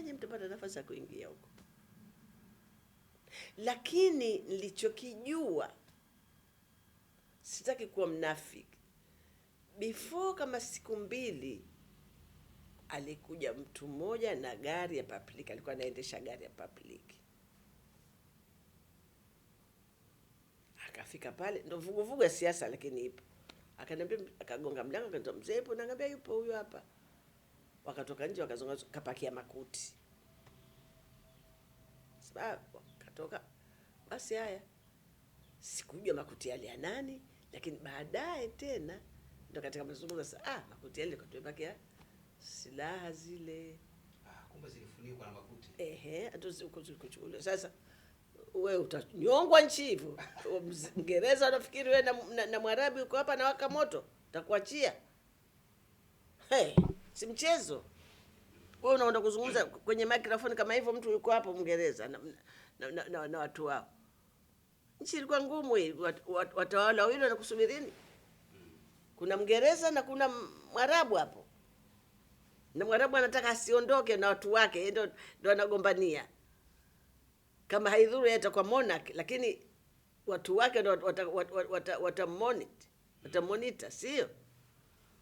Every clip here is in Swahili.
Sasa mtapata nafasi ya kuingia huko, lakini nilichokijua, sitaki kuwa mnafiki, before kama siku mbili alikuja mtu mmoja na gari ya public, alikuwa anaendesha gari ya public. Akafika pale, ndo vuguvugu ya siasa, lakini ipo. Akaniambia, akagonga mlango, akaniambia mzee, ipo. naambia yupo, huyo hapa wakatoka nje wakazonga, kapakia makuti sababu ah, katoka. Basi haya, sikujua makuti yale ya nani, lakini baadaye tena ndo katika mazungumzo sasa, ah, makuti yale katupakia silaha zile ah, kuchukuliwa sasa. We utanyongwa nchi hivyo. Mngereza anafikiri we na, na, na Mwarabu uko hapa na waka moto utakuachia Hey si mchezo. Wewe unaenda kuzungumza kwenye microphone kama hivyo, mtu yuko hapo Mngereza na, na, na, na, na watu wao. Nchi ilikuwa ngumu hii, watawala wawili wanakusubirini. Kuna Mngereza na kuna Mwarabu hapo, na Mwarabu anataka asiondoke na watu wake, ndio ndio anagombania kama haidhuru yeye atakuwa monarch, lakini watu wake ndio watamonita, watamonita, sio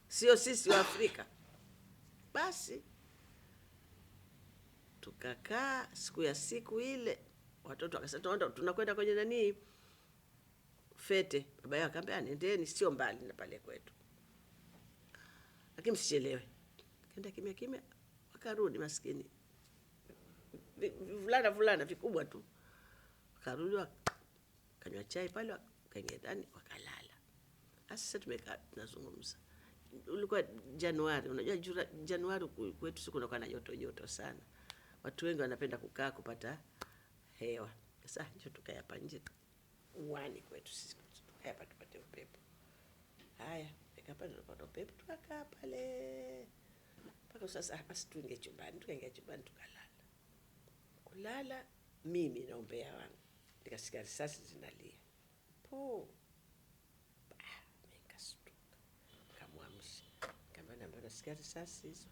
sio sisi wa Afrika. Basi tukakaa, siku ya siku ile watoto wakasema tunakwenda kwenye nani fete. Baba yao akaambia nendeni, sio mbali na pale kwetu, lakini msichelewe. Kenda kimya kimya, wakarudi maskini vulana vulana vikubwa tu, wakarudi kanywa chai pale, wakaingia ndani wakalala. Sasa tumekaa tunazungumza ulikuwa Januari. Unajua jura, Januari kwetu siku unakuwa na joto joto sana, watu wengi wanapenda kukaa kupata hewa. Sasa njo tukae hapa nje uwani kwetu sisi, tukae hapa tupate upepo. Haya, fika pale tunapata upepo, tukakaa pale mpaka sasa. Basi tuingie chumbani, tukaingia chumbani tukalala. Kulala mimi na umbea wangu, nikasikia risasi zinalia po Nasikia risasi hizo,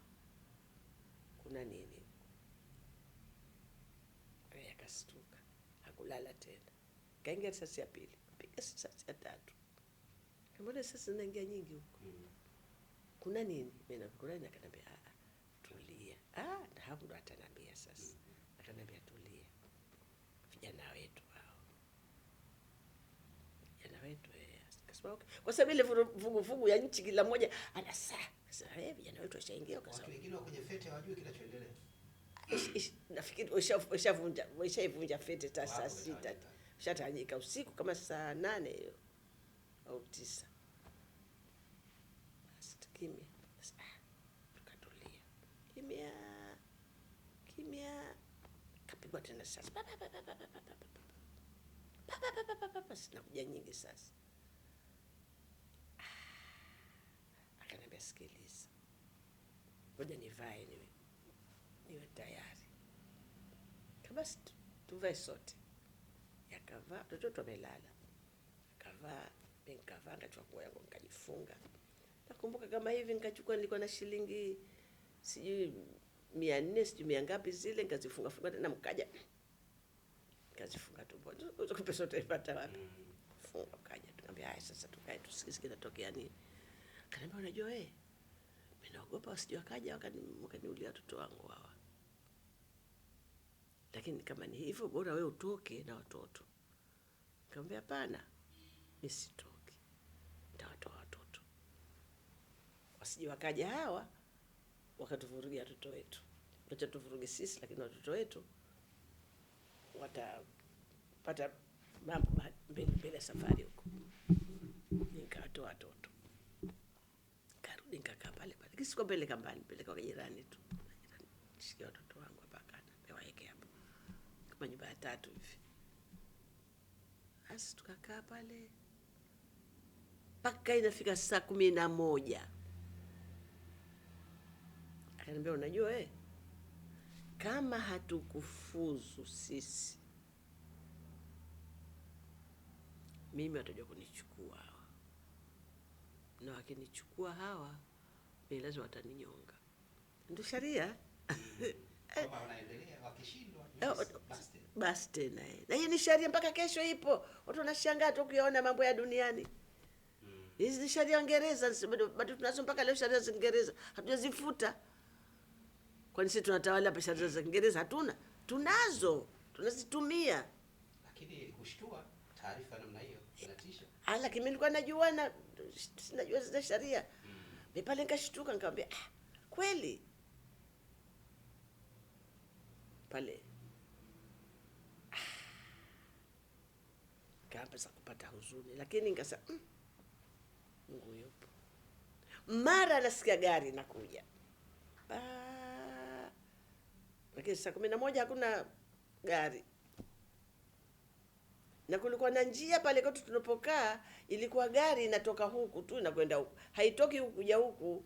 kuna nini? Akastuka, hakulala tena, kaingia risasi ya pili, piga risasi ya tatu, kamwona sasa zinaingia nyingi huko, mm. kuna nini? Mimi akanambia ah, tulia. Ah, na hapo atanambia sasa, mm. akanambia tulia, vijana wetu hao, vijana wetu smoke, kwa sababu ile vuguvugu ya nchi kila mmoja ana saa sasa. vijana wetu washaingia kwa sababu Nafikiri fete ta saa sita shatanyika usiku kama saa nane hiyo au tisa, kimya kimya kimya, kapigwa tena sasa, sinakuja nyingi sasa nimesikiliza, ngoja nivae niwe, niwe tayari, kabasi tuvae sote. Yakavaa watoto wetu wamelala, akavaa mi nikavaa, nikachukua nguo yangu nikajifunga. Nakumbuka kama hivi, nikachukua nilikuwa na shilingi sijui mia nne sijui mia ngapi zile, nikazifunga funga tena, mkaja nikazifunga tumbo. Pesa utaipata wapi? Mm. Funga ukaja, tukaambia haya, sasa tukae tusikize kinatokea nini. Kaniambia unajua wewe, mimi naogopa wasije wakaja wakaniulia watoto wangu hawa. Lakini kama ni hivyo bora wewe utoke na watoto. Nikamwambia hapana, mimi sitoki. Nitawatoa watoto. Wasije wakaja hawa wakatuvurugia watoto wetu. Watatuvurugi sisi lakini watoto wetu watapata mambo mbele ya safari huko. Nikawatoa watoto nikakaa pale pale, kisi mbali, peleka kwa jirani tu, shikia watoto wangu hapa kana mewaeke hapo kama nyumba ya tatu hivi. Basi tukakaa pale mpaka inafika saa kumi na moja akaniambia unajua, eh, kama hatukufuzu sisi, mimi wataja kunichukua na wakinichukua hawa ni lazima wataninyonga, ndio sharia oh, basi tena. Na hii ni sharia mpaka kesho ipo. Watu wanashangaa tu kuyaona mambo ya duniani. Hmm. Hizi ni sharia Uingereza, bado tunazo mpaka leo sharia za Uingereza, hatujazifuta. Kwani sisi tunatawala hapa sharia za Uingereza? Hatuna, tunazo, tunazitumia. Lakini kushtua taarifa namna hiyo inatisha. Ah, lakini nilikuwa najua na sinajua zile sheria mi pale nikashtuka, nikamwambia ah, kweli pale ah, kupata huzuni, lakini nikasema mm, Mungu yupo. Mara nasikia gari nakuja, lakini saa kumi na moja hakuna gari na kulikuwa na njia pale kwetu tunapokaa, ilikuwa gari inatoka huku tu inakwenda huku, haitoki huku kuja huku.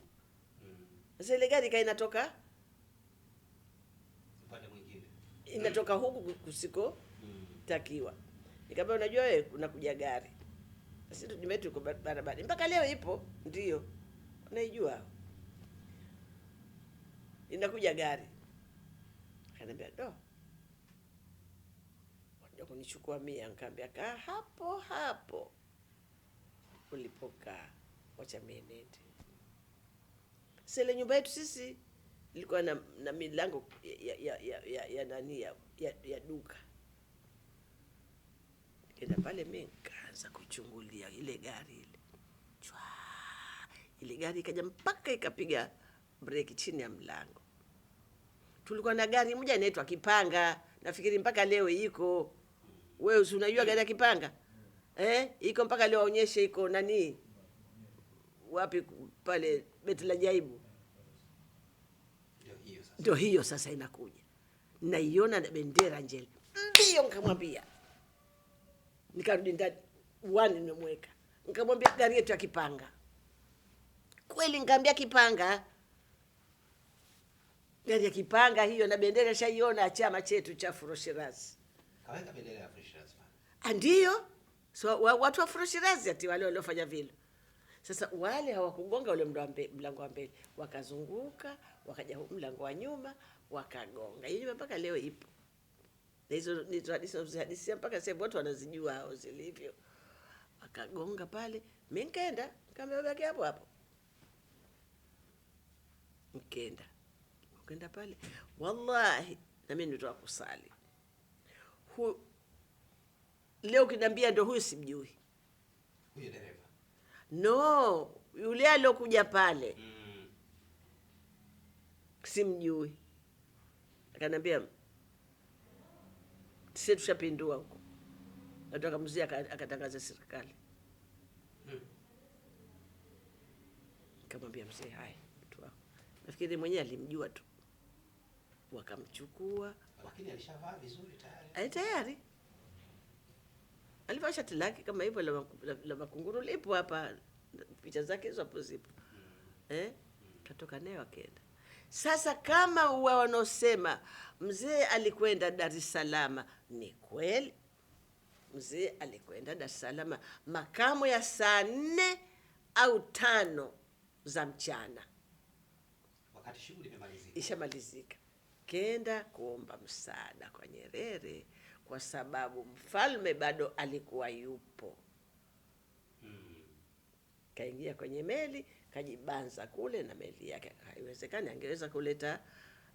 Mm. Sasa ile gari ka inatoka upande mwingine, inatoka huku kusiko mm. takiwa. Nikamwambia, unajua wewe kuja gari. sasa nyumba yetu iko barabara, mpaka leo ipo, ndio unaijua, inakuja gari. Akaniambia do kuja kunichukua mia. Nikaambia kaa hapo hapo ulipokaa, wacha mie nende. Sele nyumba yetu sisi ilikuwa na, na milango ya ya ya, ya, ya nani ya, ya, ya duka. Nikaenda pale mi nikaanza kuchungulia ile gari ile chwa, ile gari ikaja mpaka ikapiga breki chini ya mlango. Tulikuwa na gari moja inaitwa Kipanga, nafikiri mpaka leo iko wewe si unajua gari ya kipanga eh? Iko mpaka leo aonyeshe iko nani wapi pale beti la jaibu. Ndio hiyo sasa inakuja naiona na bendera njele ndio. Nikamwambia nikarudi ndani wani nimemweka nikamwambia gari yetu ya kipanga kweli, nikamwambia kipanga gari ya kipanga hiyo na bendera shaiona chama chetu cha Afro Kaweka bendera ya Ah, Ndiyo so, wa, watu wafurushirazi ati wale waliofanya vile. Sasa wale hawakugonga ule mlango wa mbele, wakazunguka wakaja mlango wa nyuma wakagonga. Hiyo nyuma mpaka leo ipo, na hizo ni hadithi mpaka sasa, watu wanazijua hao zilivyo. Wakagonga pale, mi nkaenda kaambia baki hapo hapo, nkenda nkenda pale, wallahi nami nitoa kusali Leo ukiniambia ndo huyu simjui, no, yule aliokuja pale mm. simjui. akanambia sie tushapindua huko, nataka mzee akatangaza serikali mm. Kamwambia mzee, haya mtu wao Nafikiri mwenyewe alimjua tu, wakamchukua, lakini alishavaa vizuri tayari, tayari alivaa shati lake kama hivyo la, la, la makunguru lipo hapa, picha zake hizo hapo zipo mm. eh? Katoka naye wakaenda. Sasa kama uwa wanaosema mzee alikwenda Dar es Salaam, ni kweli mzee alikwenda Dar es Salaam makamo ya saa nne au tano za mchana, wakati shughuli imemalizika, ishamalizika, kenda kuomba msaada kwa Nyerere kwa sababu mfalme bado alikuwa yupo hmm. Kaingia kwenye meli kajibanza kule na meli yake. Haiwezekani, angeweza kuleta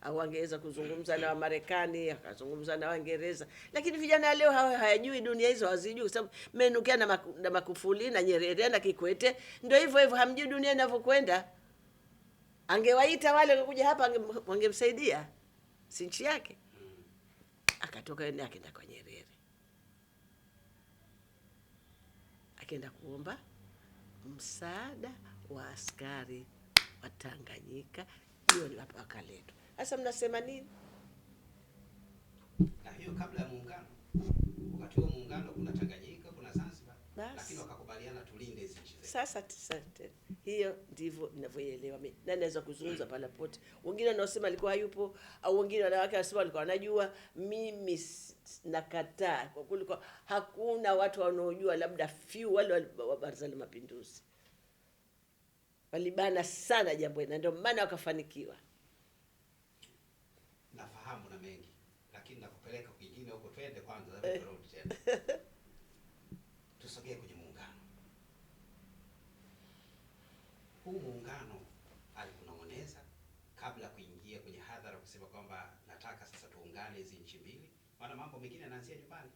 au angeweza kuzungumza na Wamarekani, akazungumza na Waingereza, lakini vijana leo hawa hayajui dunia hizo, hawazijui kwa sababu na, maku, na Makufuli na Nyerere na Kikwete, ndio hivyo hivyo, hamjui dunia inavyokwenda. Angewaita wale kuja hapa, wangemsaidia, si nchi yake akatoka yeye akaenda kwa Nyerere, akaenda kuomba msaada wa askari wa Tanganyika, ni hapo akaletwa. Sasa mnasema nini? Na hiyo kabla ya muungano, wakati wa muungano kuna Tanganyika basi. Sasa tisante. Hiyo ndivyo ninavyoielewa mimi. Na naweza kuzungumza pala pote. Wengine wanaosema alikuwa hayupo au wengine wanawake wanasema walikuwa wanajua. Mimi nakataa kwa kwa hakuna watu wanaojua, labda few wale wa Baraza la Mapinduzi. Walibana sana jambo hili na ndio maana wakafanikiwa. Nafahamu na mengi lakini nakupeleka kwingine huko, twende kwanza, turudi tena. huu muungano alikunong'oneza kabla kuingia kwenye hadhara kusema kwamba nataka sasa tuungane hizi nchi mbili, maana mambo mengine yanaanzia nyumbani.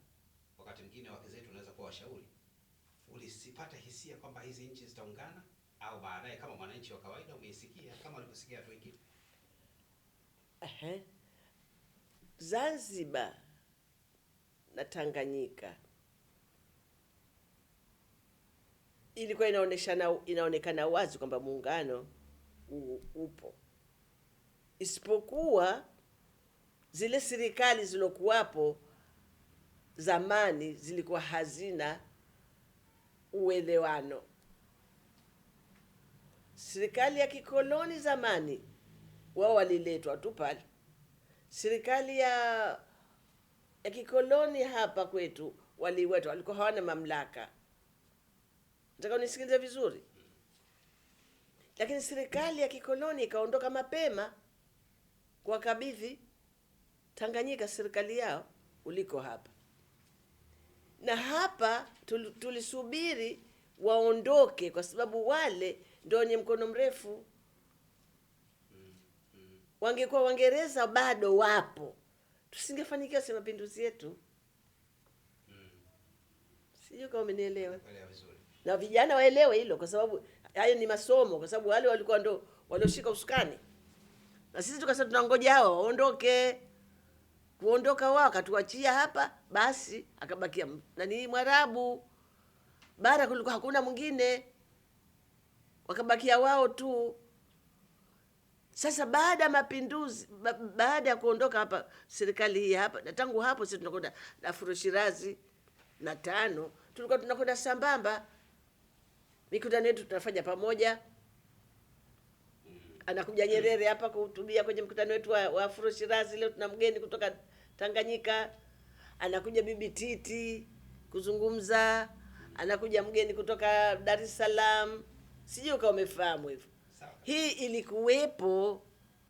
Wakati mwingine wake zetu unaweza kuwa washauri, ulisipata hisia kwamba hizi nchi zitaungana, au baadaye kama mwananchi wa kawaida umeisikia kama ulivyosikia watu wengine? Ehe, Zanzibar na Tanganyika ilikuwa inaoneshana, inaonekana wazi kwamba muungano upo, isipokuwa zile serikali zilokuwapo zamani zilikuwa hazina uelewano. Serikali ya kikoloni zamani wao waliletwa tu pale. Serikali ya, ya kikoloni hapa kwetu waliwetwa, walikuwa hawana mamlaka nataka unisikilize vizuri. Lakini serikali ya kikoloni ikaondoka mapema kuwakabidhi Tanganyika serikali yao uliko hapa, na hapa tulisubiri waondoke, kwa sababu wale ndio wenye mkono mrefu. Wangekuwa Waingereza bado wapo, tusingefanikiwa si mapinduzi yetu. Mm. Sijui kama umenielewa na vijana waelewe hilo, kwa sababu hayo ni masomo, kwa sababu wale walikuwa ndo walioshika usukani, na sisi tukasema tunangoja hao waondoke. Kuondoka wao akatuachia hapa, basi akabakia nani, Mwarabu bara, kulikuwa hakuna mwingine, wakabakia wao tu. Sasa baada ya mapinduzi, baada ya kuondoka hapa serikali hii hapa, na tangu hapo sisi tunakwenda na Afro Shirazi na tano tulikuwa tunakwenda sambamba mikutano yetu tunafanya pamoja. Mm. Anakuja Nyerere hapa kuhutubia kwenye mkutano wetu wa, wa Afro Shirazi. Leo tuna mgeni kutoka Tanganyika, anakuja Bibi Titi kuzungumza, anakuja mgeni kutoka Dar es Salaam. Sijui kama umefahamu hivyo, hii ilikuwepo